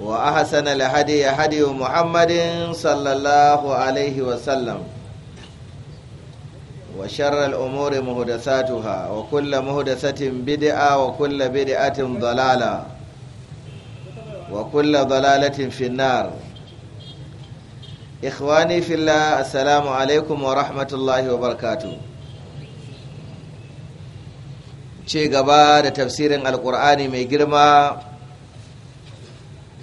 وأحسن الهدي هدي محمد صلى الله عليه وسلم وشر الأمور مهدساتها وكل مهدسة بدعة وكل بدعة ضلالة وكل ضلالة في النار إخواني في الله السلام عليكم ورحمة الله وبركاته شيء قبار تفسير القرآن ميجرما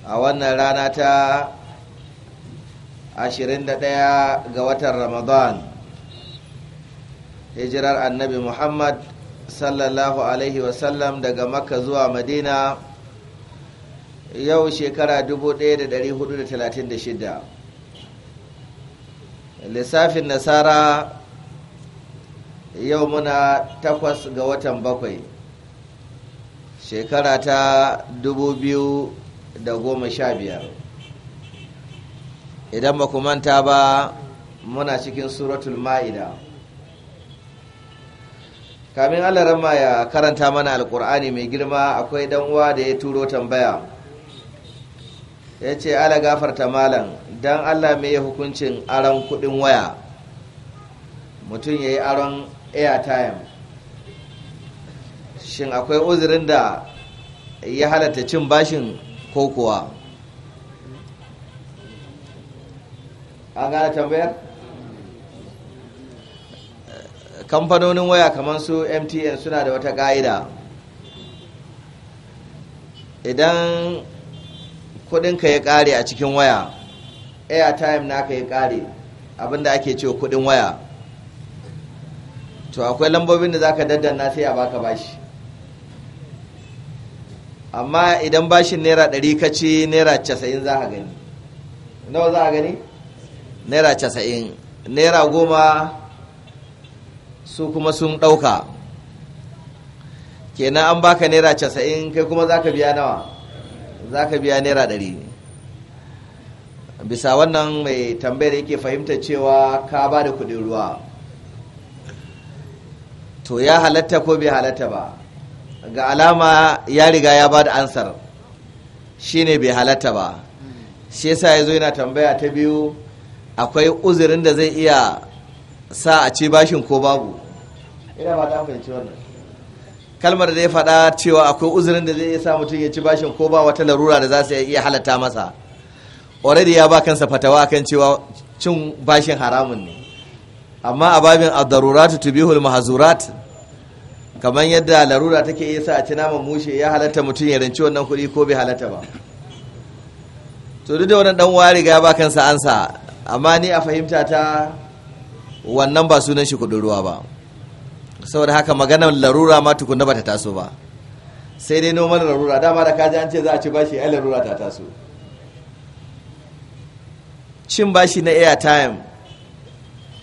a wannan rana ta 21 ga watan ramadan hijirar annabi muhammad sallallahu alaihi wasallam daga makka zuwa madina yau shekara 1436 lissafin nasara yau muna takwas ga watan bakwai shekara ta dubu da goma sha biyar idan ba manta ba muna cikin suratul ma'ida kamin allah rama ya karanta mana alkur'ani mai girma akwai dan uwa da ya turo tambaya ya ce ala gafarta malam don allah mai hukuncin aron kudin waya mutum ya yi aron airtime shin akwai uzurin da ya halatta cin bashin ko kuwa an gane tambayar kamfanonin waya kamar su mtn suna da wata ƙa'ida idan kudinka ya ƙare a cikin waya airtime naka ya ƙare abinda ake cewa kudin waya to akwai lambobin da zaka daddana sai a baka bashi amma idan bashin naira ɗari ka ce naira casa'in za a gani nawa za a gani naira casa'in naira goma su kuma sun ɗauka kenan an baka naira casa'in kai kuma za ka biya nawa za ka biya naira ɗari bisa wannan mai tambayar yake fahimta cewa ka ba da kuɗin ruwa to ya halatta ko bai halatta ba ga alama ya riga ya ba da ansar shine bai halatta ba shi yasa ya zo yana tambaya ta biyu akwai uzurin da zai iya sa a ce bashin ko babu ina ba ta fahimci wannan kalmar da ya faɗa cewa akwai uzurin da zai iya sa mutum ya ci bashin ko ba wata larura da za su iya halatta masa already ya ba kansa fatawa kan cewa cin bashin haramun ne amma a babin ad-daruratu tubihul mahzurat kamar yadda larura take iya sa a ci naman mushe ya halatta mutum ya ranci wannan kuɗi ko bai halatta ba to duk da wannan dan uwa riga ba kansa ansa amma ni a fahimta ta wannan ba sunan shi kuɗin ruwa ba saboda haka maganar larura ma tukunna ba ta taso ba sai dai noman larura dama da kaji an ce za a ci bashi ai larura ta taso cin bashi na airtime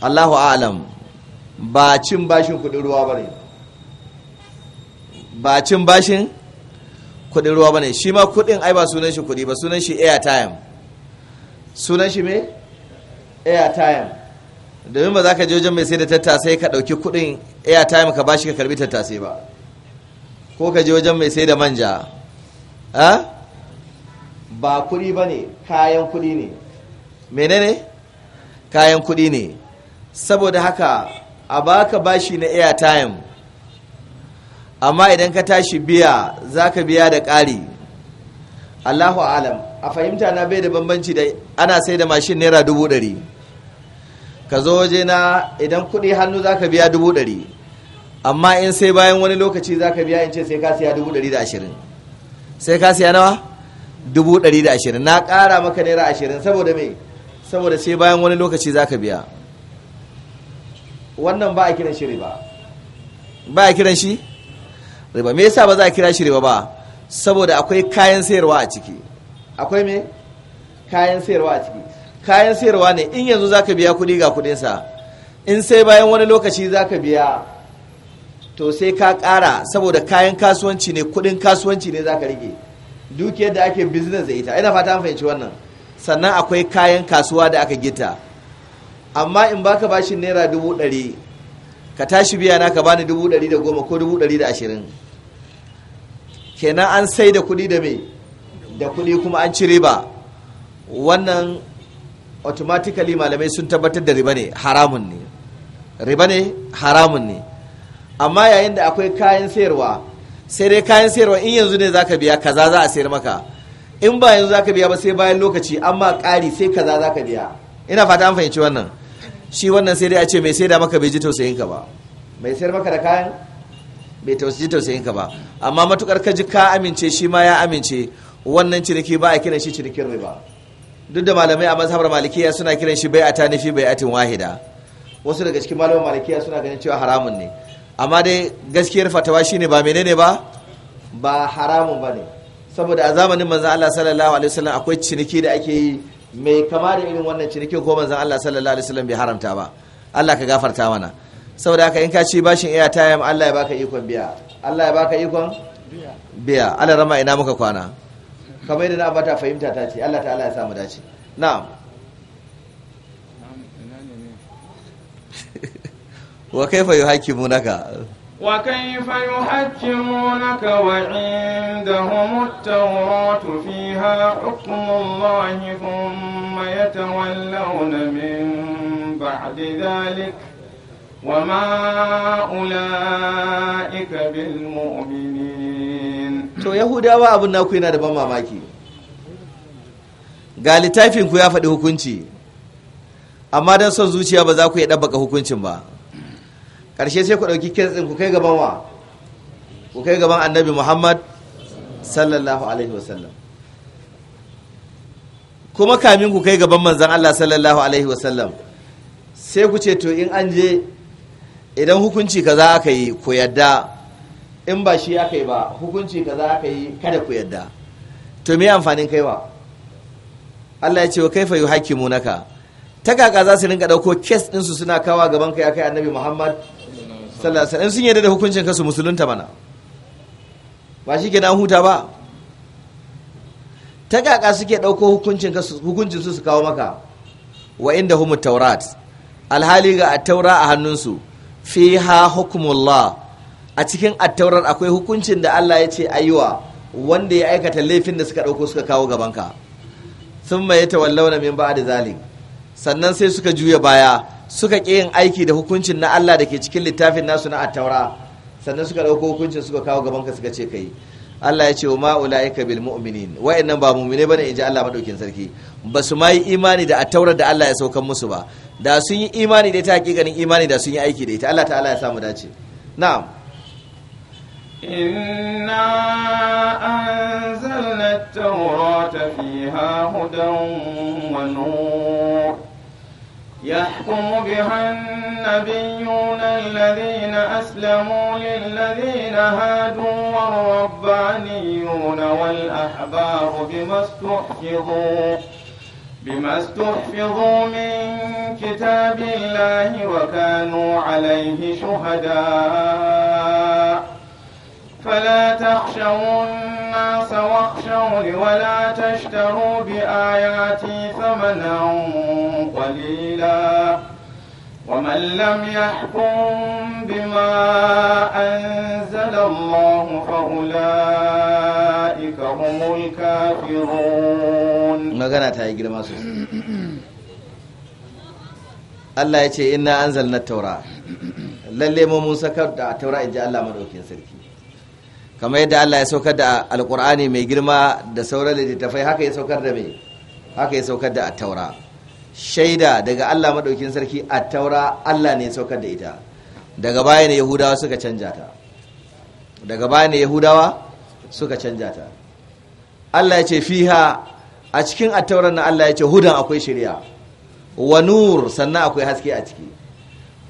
Allahu a'lam ba cin bashin kuɗin ruwa ba ne. ba cin bashin kudin ruwa ba ne shi ma kudin ai ba sunan shi kudi ba sunan shi airtime sunan shi me airtime domin ba za ka je wajen mai sai da tattasai ka ɗauki kudin airtime ka bashi ka karbi tattasai ba ko ka je wajen mai sai da manja ah? ba kudi ba ne kayan kudi ne menene kayan kudi ne saboda haka a baka bashi na airtime amma idan ka tashi biya za ka biya da ƙari allahu alam a fahimta na bai da bambanci da ana sai da mashin naira dubu ɗari ka zo waje na idan kuɗi hannu za ka biya dubu ɗari amma in sai bayan wani lokaci za ka biya in ce sai ka siya dubu ɗari da ashirin sai ka siya nawa dubu ɗari da ashirin na ƙara maka naira ashirin saboda me saboda sai bayan wani lokaci za ka biya wannan ba a kiran shi riba ba a kiran shi riba me yasa ba za a kira shi riba ba saboda akwai kayan sayarwa a ciki akwai me kayan sayarwa a ciki kayan sayarwa ne in yanzu zaka biya kuɗi ga kuɗinsa in sai bayan wani lokaci zaka biya to sai ka ƙara saboda kayan kasuwanci ne kuɗin kasuwanci ne zaka rike dukiyar da ake business da ita ina fata an fahimci wannan sannan akwai kayan kasuwa da aka gita amma in baka bashi naira dubu ɗari ka tashi biya na ka bani dubu ɗari da goma ko dubu ɗari da ashirin kenan an sai da kuɗi da me da kuɗi kuma an cire ba wannan automatically malamai sun tabbatar da riba ne haramun ne riba ne haramun ne amma yayin da akwai kayan sayarwa sai dai kayan sayarwa in yanzu ne zaka biya kaza za a sayar maka in ba yanzu zaka biya ba sai bayan lokaci amma ƙari sai kaza zaka biya ina fata an fahimci wannan shi wannan sai dai a ce mai sai da maka bai ji tausayin ka ba mai sayar maka da kayan bai tausayi tausayin ka ba amma matukar ka ji ka amince shi ma ya amince wannan ciniki ba a kiran shi cinikin riba duk da malamai a mazhabar malikiya suna kiran shi bai a tanifi bai atin wahida wasu daga cikin malaman malikiya suna ganin cewa haramun ne amma dai gaskiyar fatawa shine ba menene ba ba haramun ba ne saboda a zamanin manzo Allah sallallahu alaihi wasallam akwai ciniki da ake yi mai kama da irin wannan cinikin ko manzan Allah sallallahu alaihi wasallam bai haramta ba Allah ka gafarta mana saboda haka in ka ci bashin iya tayam Allah ya baka ikon biya Allah ya baka ikon biya Allah rama ina muka kwana kamar yadda na bata fahimta ta ce Allah ta'ala ya samu dace na'am wa kaifa yuhakimunaka وكيف يحكمونك وعندهم التوراة فيها حكم الله ثم يتولون من بعد ذلك وما أولئك بالمؤمنين to yahudawa abin naku yana da ban mamaki ga littafinku ya faɗi hukunci amma don son zuciya ba za ku iya ɗabaka hukuncin ba ƙarshe sai ku ɗauki kitsin ku kai gaban wa ku kai gaban annabi muhammad sallallahu alaihi wasallam kuma kamin ku kai gaban manzan allah sallallahu alaihi wasallam sai ku ce to in an je idan hukunci kaza aka yi ku yadda in ba shi aka yi ba hukunci kaza aka yi kada ku yadda to me amfanin kaiwa Allah ya ce wa kaifa naka ta kaka za su rinka dauko kes ɗinsu suna kawa gaban kai akai annabi Muhammad sallallahu sun yarda da hukuncin kasu musulunta mana ba shi ke huta ba ta kaka suke ɗauko hukuncin su su kawo maka wa inda humu taurat alhali ga attaura a hannunsu fi ha hukumullah a cikin attaurar akwai hukuncin da Allah ya ce ayiwa wanda ya aikata laifin da suka ɗauko suka kawo gabanka sun mai ta wallauna min ba'a da zalik sannan sai suka juya baya suka ƙi yin aiki da hukuncin na Allah da ke cikin littafin nasu na attaura sannan suka ɗauko hukuncin suka kawo gaban ka suka ce kai Allah ya ce wa ma'ula'ika bil mu'minin wa'annan ba mu'mine bane inji Allah madaukin sarki ba su ma yi imani da attaurar da Allah ya saukan musu ba da sun yi imani da ita hakikanin imani da sun yi aiki da ita Allah ta'ala ya sa mu dace na'am at-taurata fiha hudan wa nur يحكم بها النبيون الذين أسلموا للذين هادوا والربانيون والأحبار بما استحفظوا بما استحفظوا من كتاب الله وكانوا عليه شهداء فلا تخشون الناس واخشوني ولا تشتروا بآياتي ثمنا قليلا ومن لم yi girma sosai Allah ya ce inna anzalna taura lalle mu mun sakar taura in ji Allah madaukin sarki kamar yadda Allah ya saukar da alkur'ani mai girma da sauran littattafai haka ya saukar da mai haka ya saukar da attaura shaida daga Allah madaukin sarki attaura Allah ne ya saukar da ita daga baya ne yahudawa suka canja ta daga baya ne yahudawa suka canja ta Allah ya ce fiha a cikin attauran na Allah ya ce hudan akwai shari'a wa nur sannan akwai haske a ciki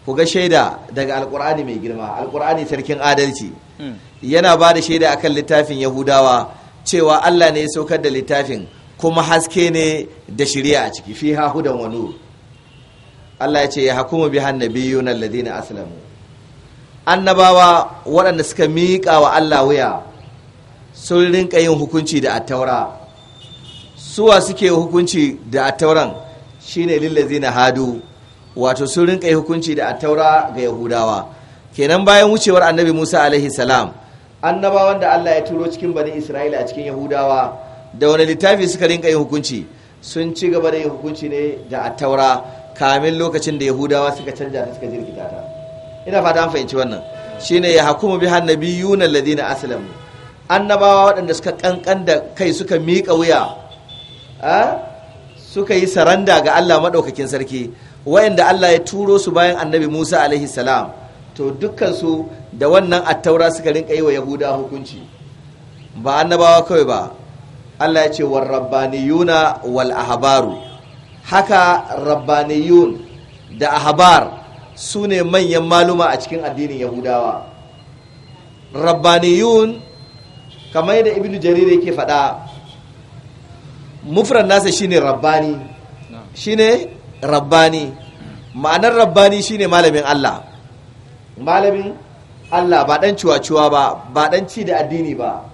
ku ga shaida daga alkur'ani mai girma alkur'ani sarkin adalci hmm. yana ba da shaida akan littafin yahudawa cewa allah ne ya saukar da littafin kuma haske ne da shirya a ciki fi hahudan wani. allah ya ce ya hakumu bi biyu na ladina asalamu. annabawa waɗanda suka miƙa wa allah wuya sun rinka yin hukunci da attaura suwa suke hukunci da attauran shine lillazina hadu wato sun rinka yi hukunci da attaura ga yahudawa kenan bayan wucewar annabi musa alaihi salam annabawan da Allah ya turo cikin bani Isra'ila a cikin Yahudawa da wani littafi suka rinka yin hukunci sun ci gaba da yin hukunci ne da taura kamin lokacin da Yahudawa suka canja ta suka jirgita ta ina fata an fahimci wannan shine ya hukumu bi hannabiyuna Ladina aslamu annabawa waɗanda suka kankan da kai suka miƙa wuya suka yi saranda ga Allah maɗaukakin sarki wayanda Allah ya turo su bayan annabi Musa alaihi salam to dukkan su da wannan attaura suka rinka yi wa yahuda hukunci ba annabawa kawai ba allah ya ce wa rabbaniyuna wal ahabaru haka rabbaniyun da ahabar su ne manyan maluma a cikin addinin yahudawa rabbaniyun kamar yadda ibn jarir yake faɗa mufran nasa shine rabbani shine rabbani ma'anar rabbani shine malamin allah malamin Allah ba ɗan ciwa-ciwa ba ba dan ci da addini ba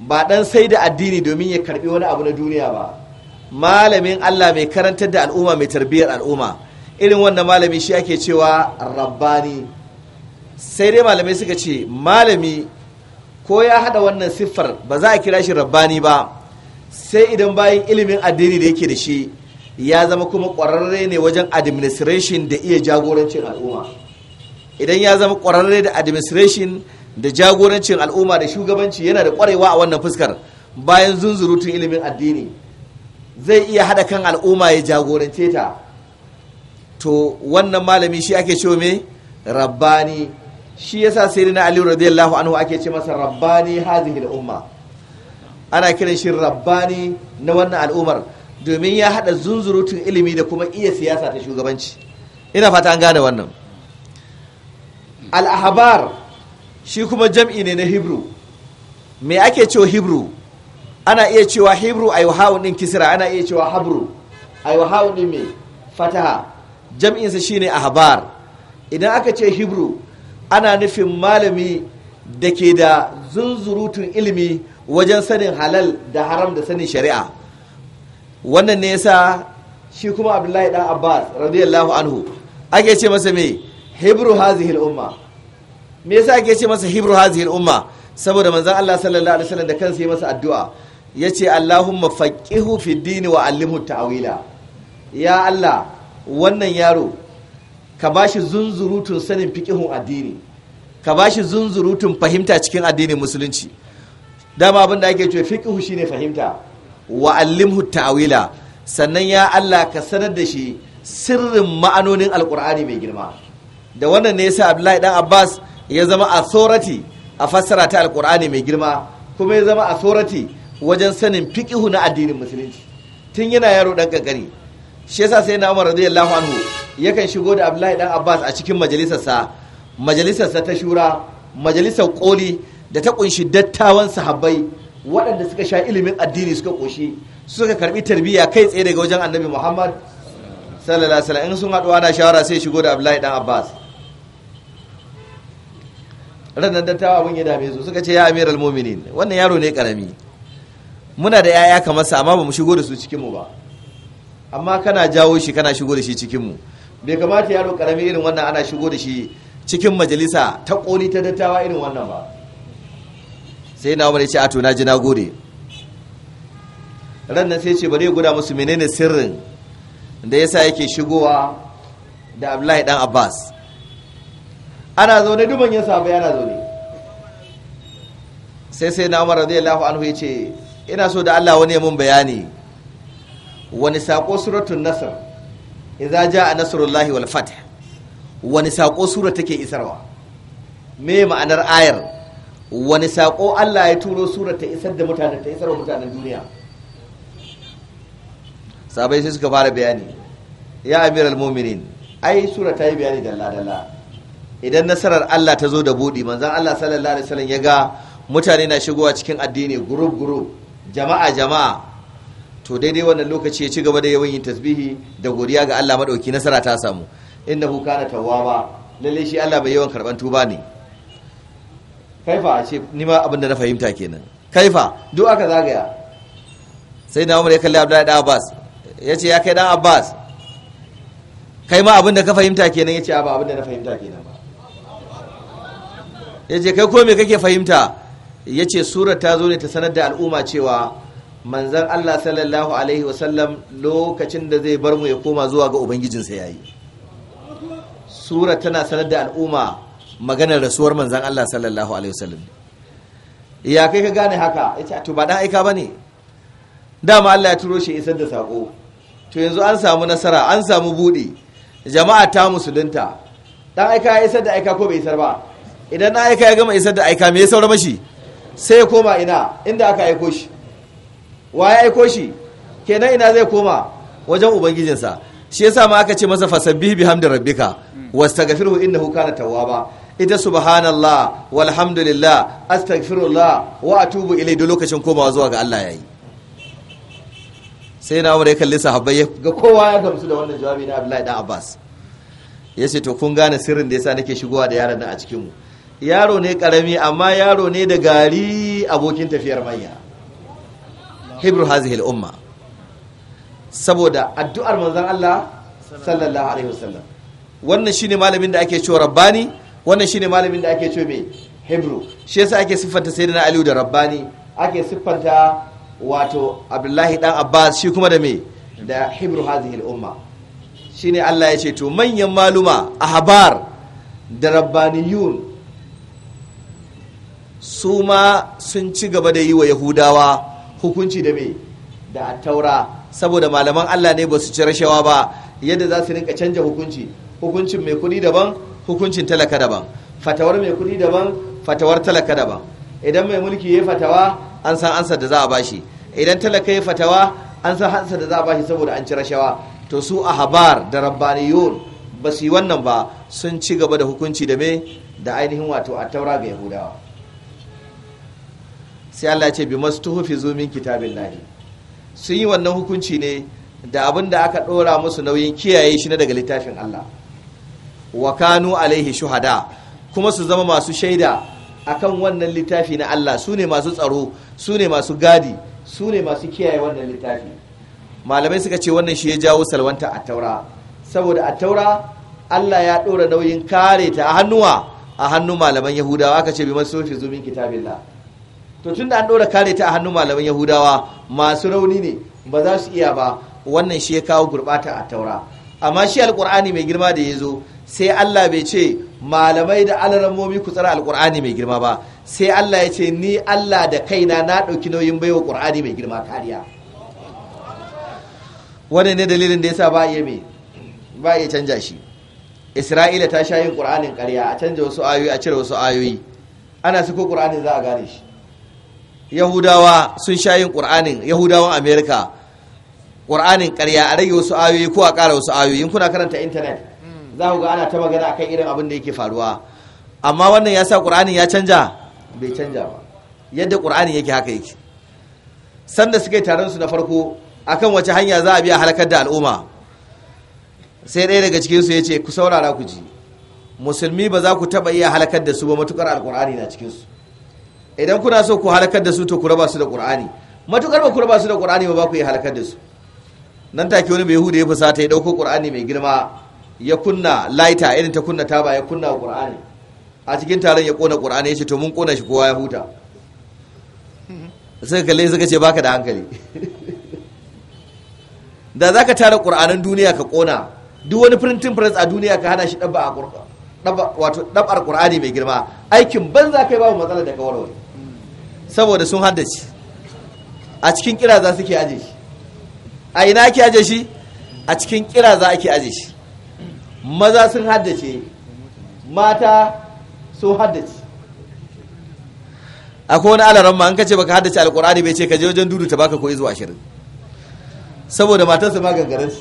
ba dan sai da addini domin ya karbi wani abu na duniya ba malamin Allah mai karantar da al'umma mai tarbiyyar al'umma irin wannan malami shi ake cewa rabbani sai dai malamai suka ce malami ko ya haɗa wannan siffar ba za a kira shi rabbani ba sai idan bayan ilimin addini da yake da shi ya zama kuma ƙwararre ne wajen administration da iya jagorancin al'umma idan ya zama kwararre da administration da jagorancin al'umma da shugabanci yana da kwarewa a wannan fuskar bayan zunzurutun ilimin addini zai iya hada kan al'umma ya jagorance ta to wannan malami shi ake ce me rabbani shi yasa na ali radiyallahu anhu ake ce masa rabbani hazihi al'umma ana kiran shi rabbani na wannan al'ummar domin ya haɗa zunzurutun ilimi da kuma iya siyasa ta shugabanci ina fata an gane wannan Al'ahabar shi kuma jam'i ne na hebrew me ake cewa hebrew ana iya cewa hebrew yi hawun ɗin Kisira. ana iya cewa habru yi hawun ɗin me fataha Jam'insa shi ne Ahabar. idan aka ce hebrew ana nufin malami da ke da zunzurutun ilimi wajen sanin halal da haram da sanin shari'a wannan ne yasa shi kuma abdullahi ɗan abbas radiyallahu anhu ake ce masa mai hebrew hazihil umma me yasa ake ce masa hibru hazihil umma saboda manzon Allah sallallahu alaihi wasallam da kansa sai masa addu'a yace Allahumma faqihu fi dini wa allimhu ta'wila ya Allah wannan yaro ka bashi zunzurutun sanin fiqihun addini ka bashi zunzurutun fahimta cikin addinin musulunci dama abin da ake cewa fiqihu shine fahimta wa allimhu ta'wila sannan ya Allah ka sanar da shi sirrin ma'anonin alqur'ani mai girma da wannan ne yasa Abdullahi dan Abbas ya zama authority a fassara ta alkur'ani mai girma kuma ya zama a authority wajen sanin fiƙihu na addinin musulunci tun yana yaro dan kankani shi yasa sai na Umar radiyallahu anhu yakan shigo da Abdullahi dan Abbas a cikin majalisarsa majalisarsa ta shura majalisar koli da ta kunshi dattawan sahabbai waɗanda suka sha ilimin addini suka koshi suka karbi tarbiyya kai tsaye daga wajen Annabi Muhammad sallallahu alaihi wasallam in sun haɗu ana shawara sai shigo da Abdullahi dan Abbas ranar dattawa abin ya dame su suka ce ya amir al-muminin wannan yaro ne karami muna da yaya kamar sa amma ba mu shigo da su cikin ba amma kana jawo shi kana shigo da shi cikin bai kamata yaro karami irin wannan ana shigo da shi cikin majalisa ta koli ta dattawa irin wannan ba sai na umar ya ce ato na ji na gode ran sai ce bari ya guda musu menene sirrin da yasa yake shigowa da Abdullahi dan Abbas ana zaune duban ya sabu yana zaune sai sai na umar lafi anhu ya ce ina so da Allah wani mun bayani wani sako za nasr ja a nasrullahi wal fath wani sako sura take isarwa me ma'anar ayar wani sako Allah ya turo sura ta isar da mutanen ta isarwa mutanen duniya sabai sai suka fara bayani ya amiral mu'minin ai sura ta yi bayani dalla dalla idan nasarar Allah ta zo da buɗi manzan Allah sallallahu alaihi wasallam ya ga mutane na shigowa cikin addini gurub gurub jama'a jama'a to daidai wannan lokaci ya ci gaba da yawan yin tasbihi da godiya ga Allah madauki nasara ta samu innahu kana tawwaba lalle shi Allah bai yawan karban tuba ne kaifa a ce ni ma abin da na fahimta kenan kaifa duk aka zagaya sai na umar ya kalli abdullahi da abbas ya ce ya kai dan abbas kai ma abin da ka fahimta kenan ya ce ba abin da na fahimta kenan ba ya ce kai ko me kake fahimta ya ce sura ta zo ne ta sanar da al'umma cewa manzan Allah sallallahu alaihi wasallam lokacin da zai bar mu ya koma zuwa ga ubangijinsa ya yi. sura tana sanar da al'umma maganar rasuwar manzan Allah sallallahu alaihi wasallam ya kai ka gane haka ya ce to ba ɗan aika ne? dama Allah ya turo shi isar da sako to yanzu an samu nasara an samu buɗe jama'a ta musulunta dan aika ya isar da aika ko bai isar ba idan na aika ya gama isar da aika mai ya saura mashi sai ya koma ina inda aka aiko shi wa ya aiko shi kenan ina zai koma wajen ubangijinsa shi yasa ma aka ce masa fasabbih bihamdi rabbika wastaghfirhu innahu kana tawwaba ita subhanallah walhamdulillah astaghfirullah wa atubu ilai da lokacin komawa zuwa ga Allah yayi sai na umar ya kalli sahabbai ga kowa ya gamsu da wannan jawabi na Abdullahi dan Abbas yace to kun gane sirrin da yasa nake shigowa da yaran nan a cikin mu yaro ne karami amma yaro ne da gari abokin tafiyar manya hebrew hazihil umma saboda addu'ar manzan Allah sallallahu alaihi wasallam wannan shine malamin da ake cewa rabbani wannan shine malamin da ake cewa me hebrew shi yasa ake siffanta sayyidina aliyu da rabbani ake siffanta wato abdullahi dan abbas shi kuma da me da hebrew hazihil umma shine Allah ya ce to manyan maluma ahbar da rabbaniyun su ma sun ci gaba da yi wa yahudawa hukunci da me da taura saboda malaman allah ne ba su ci rashawa ba yadda za su rinka canja hukunci hukuncin mai kuɗi daban hukuncin talaka daban fatawar mai kuɗi daban fatawar talaka daban idan mai mulki ya fatawa an san ansa da za a bashi idan talaka ya fatawa an san ansa da za a bashi saboda an ci rashawa to su a habar da rabbaniyun ba su yi wannan ba sun ci gaba da hukunci da me da ainihin wato a taura ga yahudawa sai Allah ce bi zumin kitabin lahi sun yi wannan hukunci ne da abin da aka ɗora musu nauyin kiyaye shi na daga littafin Allah wa kanu alaihi shuhada kuma su zama masu shaida akan wannan littafi na Allah su ne masu tsaro su ne masu gadi su ne masu kiyaye wannan littafi malamai suka ce wannan shi ya jawo salwanta a taura saboda a taura Allah ya ɗora nauyin kare ta a hannuwa a hannun malaman yahudawa aka ce bi masu sofi zumin Allah to tun da an ɗora kare ta a hannun malaman yahudawa masu rauni ne ba za su iya ba wannan shi ya kawo gurɓata a taura amma shi alƙur'ani mai girma da ya zo sai allah bai ce malamai da alarammomi ku tsara alƙur'ani mai girma ba sai allah ya ce ni allah da kaina na ɗauki nauyin baiwa ƙur'ani mai girma kariya wannan ne dalilin da yasa ba iya ba iya canja shi isra'ila ta sha yin ƙur'anin ƙarya a canja wasu ayoyi a cire wasu ayoyi ana suko ƙur'anin za a gane shi yahudawa sun sha yin ƙur'anin yahudawan amerika ƙur'anin ƙarya a rage wasu ayoyi ko a ƙara wasu ayoyi kuna karanta intanet za ku ga ana ta magana akan irin abin da yake faruwa amma wannan ya sa ƙur'anin ya canja bai canja ba yadda ƙur'anin yake haka yake sanda suka yi taron su na farko akan wace hanya za a biya halakar da al'umma sai ɗaya daga cikinsu ya ce ku saurara ku ji musulmi ba za ku taɓa iya halakar da su ba matukar alƙur'ani na cikinsu idan kuna so ku halakar da su to ku raba su da qur'ani matukar ba ku raba su da qur'ani ba ku yi halakar da su nan take wani bai hude ya fusata ya dauko qur'ani mai girma ya kunna laita irin ta kunna taba ya kunna qur'ani a cikin taron ya kona qur'ani ya ce to mun kona shi kowa ya huta suka kalle suka ce baka da hankali da zaka tara qur'anin duniya ka kona duk wani printing press a duniya ka hana shi dabba a wato dabar qur'ani mai girma aikin banza kai babu matsala da ka warware saboda sun haddace a cikin kira za su ke aje shi a ina ake aje shi a cikin kira za ake aje shi maza sun haddace mata sun haddace akwai wani alaran ma an kace baka haddace alkur'ani bai ce ka je wajen dudu ta baka koyi zuwa ashirin saboda matarsa ma gangaren su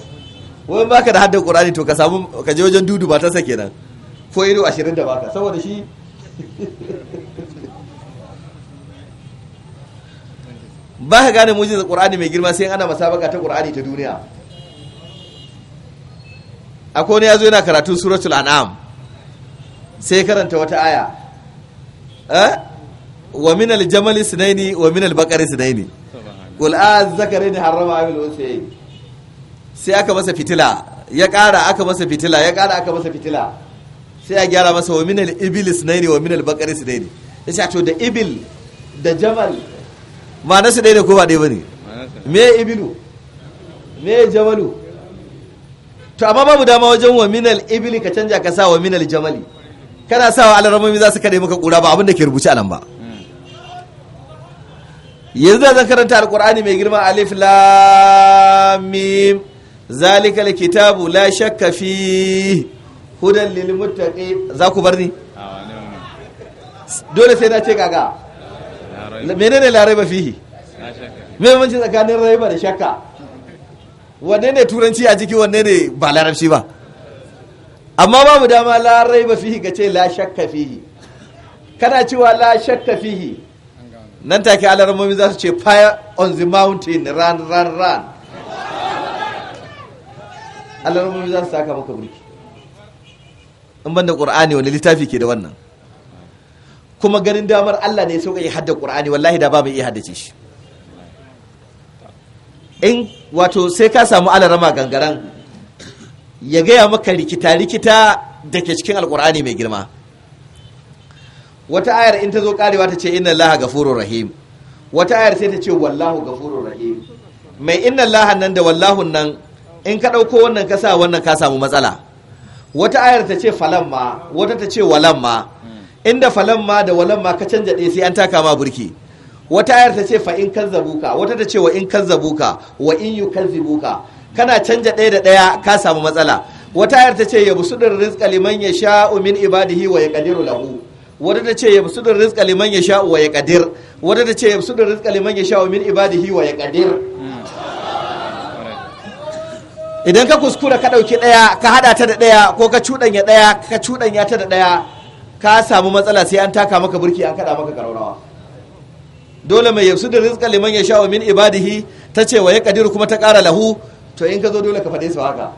wani baka da haddace alkur'ani to ka samu ka je wajen dudu matarsa kenan ko ido ashirin da baka saboda shi ba ka gane mujizar qur'ani mai girma sai ana masabaka ta qur'ani ta duniya akwai kone ya zo yana karatun suratul an'am sai karanta wata aya eh? wa min al-jamali sunaini wa min al-baqari sunaini qul az-zakaraini harrama amil sai aka masa fitila ya ƙara aka masa fitila ya ƙara aka masa fitila sai ya gyara masa wa min al-ibil sunaini wa min al sunaini yace to da ibil da jamal ma'anarsu ɗaya ne ko ba ɗaya ba ne me ibilu me jamalu to amma babu dama wajen wa minal ibili ka canja ka sa wa minal jamali kana sa wa alaramomi za su kaɗe maka ƙura ba abinda ke rubuce a nan ba yanzu da zan karanta alƙur'ani mai girma alif lamim zalika kitabu la shakka fi hudan lil muttaqi za ku bar ni dole sai na ce gaga menene larai ba fihi muhimmanci tsakanin ba da shakka wanne ne turanci a jiki wanne ne ba larabci ba amma babu dama larai ba fihi ga ce la shakka fihi kana cewa la shakka fihi nan take alarmomi za su ce fire on the mountain run run run alarmomi za su saka maka burki in ban da ƙur'ani wani littafi ke da wannan kuma ganin damar Allah ne sauƙaƙe hadda ƙura'ani wallahi da babu iya haddace shi in wato sai ka samu alarama gangaran ya gaya maka rikita rikita da ke cikin alƙura'ani mai girma wata ayar in ta zo ƙarewa ta ce inna allaha gafurur rahim wata ayar sai ta ce wallahu gafurur rahim mai inna laha nan da Wallahun nan in ka ɗauko wannan ka sa wannan ka samu matsala wata ayar ta ce falamma wata ta ce walamma inda ma da ma ka canja ɗaya sai an taka ma burki wata ayar ta ce fa in zabuka wata ta ce wa in kazzabuka wa in yukazzibuka kana canja ɗaya da ɗaya ka samu matsala wata ayar ta ce ya busudin rizka liman ya yasha'u min ibadihi wa kadiru lahu wata ta ce ya busudin rizka liman ya yasha'u wa kadir wata ta ce ya busudin rizka liman ya yasha'u min ibadihi wa kadir idan ka kuskura ka ɗauki ɗaya ka haɗa ta da ɗaya ko ka cuɗanya ɗaya ka cuɗanya ta da ɗaya ka samu matsala sai an taka maka burki an kada maka karaurawa dole mai yabsu da rizqa liman ya sha min ibadihi ta ce wa ya kadiru kuma ta kara lahu to in ka zo dole ka faɗe su haka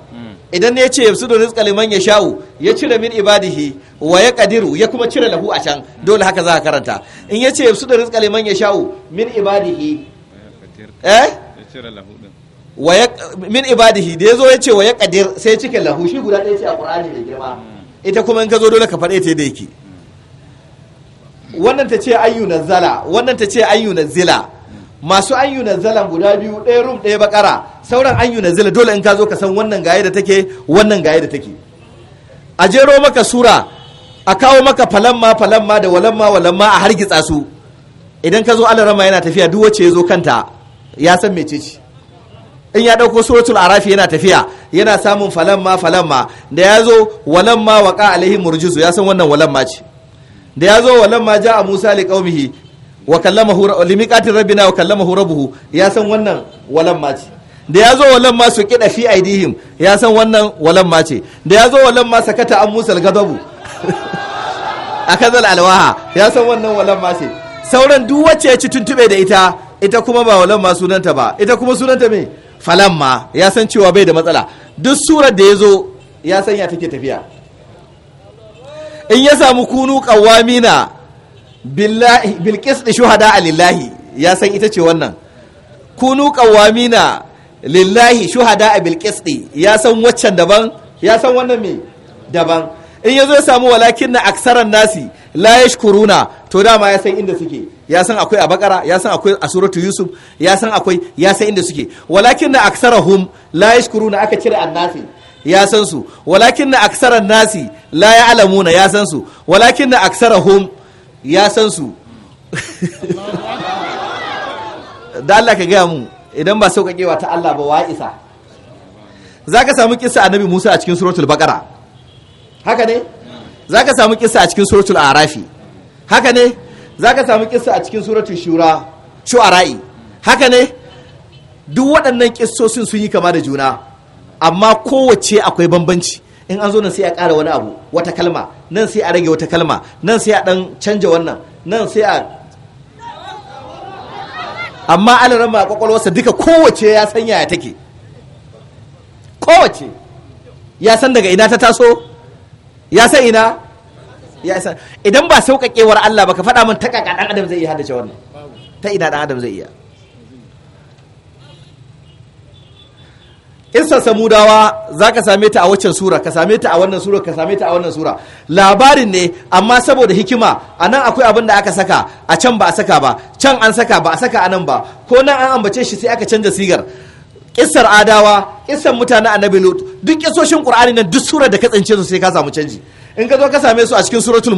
idan ne ya ce yabsu da rizqa liman ya sha'u ya cire min ibadihi wa ya kadiru ya kuma cire lahu a can dole haka za ka karanta in ya ce yabsu da rizqa liman ya sha'u min ibadihi eh min ibadihi da ya zo ya ce wa ya kadir sai cikin lahu shi guda ɗaya ce a ƙur'ani da girma ita kuma in ka zo dole ka faɗe ta da yake wannan ta ce ayyu zala, wannan ta ce ayyu zila. masu ayyu zala guda biyu ɗaya rum ɗaya bakara sauran ayyu zila dole in ka zo ka san wannan gaye da take wannan gaye da take a jero maka sura a kawo maka falamma falamma da walamma walamma a hargitsa su idan ka zo alarama yana tafiya duk wacce ya zo kanta ya san mece ce in ya ɗauko suratul arafi yana tafiya yana samun falamma falamma da ya zo walamma waqa alaihi murjizu ya san wannan walamma ce da ya zo walamma a musa ƙaumihi wa kallamahu limiqati rabbina wa kallama hura buhu, ya san wannan walamma ce da ya zo walamma su kida fi aidihim ya san wannan walamma ce da ya zo walamma sakata an musal gadabu kazal alwaha ya san wannan walamma ce sauran duk wacce ya ci tuntuɓe da ita ita kuma ba walamma sunanta ba ita kuma sunanta me falamma ya san cewa bai da matsala duk surar da ya zo ya san ya take tafiya in ya samu kunu qawamina bilkis da shuhada lillahi ya san ita ce wannan kunu qawamina lillahi shuhada bilqis ya san waccan daban ya san wannan mai daban in ya zo ya samu walakin na aksaran nasi la yashkuruna to dama ya san inda suke ya san akwai a bakara ya san akwai a suratu yusuf ya san akwai ya san inda suke walakin na aksarahum la yashkuruna aka cire annasi ya san su walakin na aksara nasi la ya alamuna ya san su walakin na hum ya san su da Allah ka gaya mu idan ba sauƙaƙewa ta Allah ba wa isa za ka samu kisa annabi Musa a cikin suratul baqara haka ne za ka samu kisa a cikin suratul arafi haka ne za ka samu kisa a cikin suratul shura shu'ara'i haka ne duk waɗannan kissosin sun yi kama da juna amma kowace akwai bambanci in an zo nan sai a ƙara wani abu wata kalma nan sai a rage wata kalma nan sai a ɗan canja wannan nan sai a amma alarar ma kwakwalwarsa duka kowace ya san yaya take kowace ya san daga ina ta taso ya sa ina ya isa idan ba sauƙaƙewar Allah ba ka faɗa min taƙaƙa ɗan adam zai iya haddace wannan ta ina ɗan adam zai iya Isa samudawa za ka same ta a waccan sura ka same ta a wannan sura ka same ta a wannan sura labarin ne amma saboda hikima a nan akwai abin da aka saka a can ba a saka ba can an saka ba a saka a nan ba ko nan an ambace shi sai aka canza sigar Ƙissar adawa mutane mutanen annabi lut duk kisoshin qur'ani nan duk surar da ka tsince su sai ka samu canji in ka zo ka same su a cikin suratul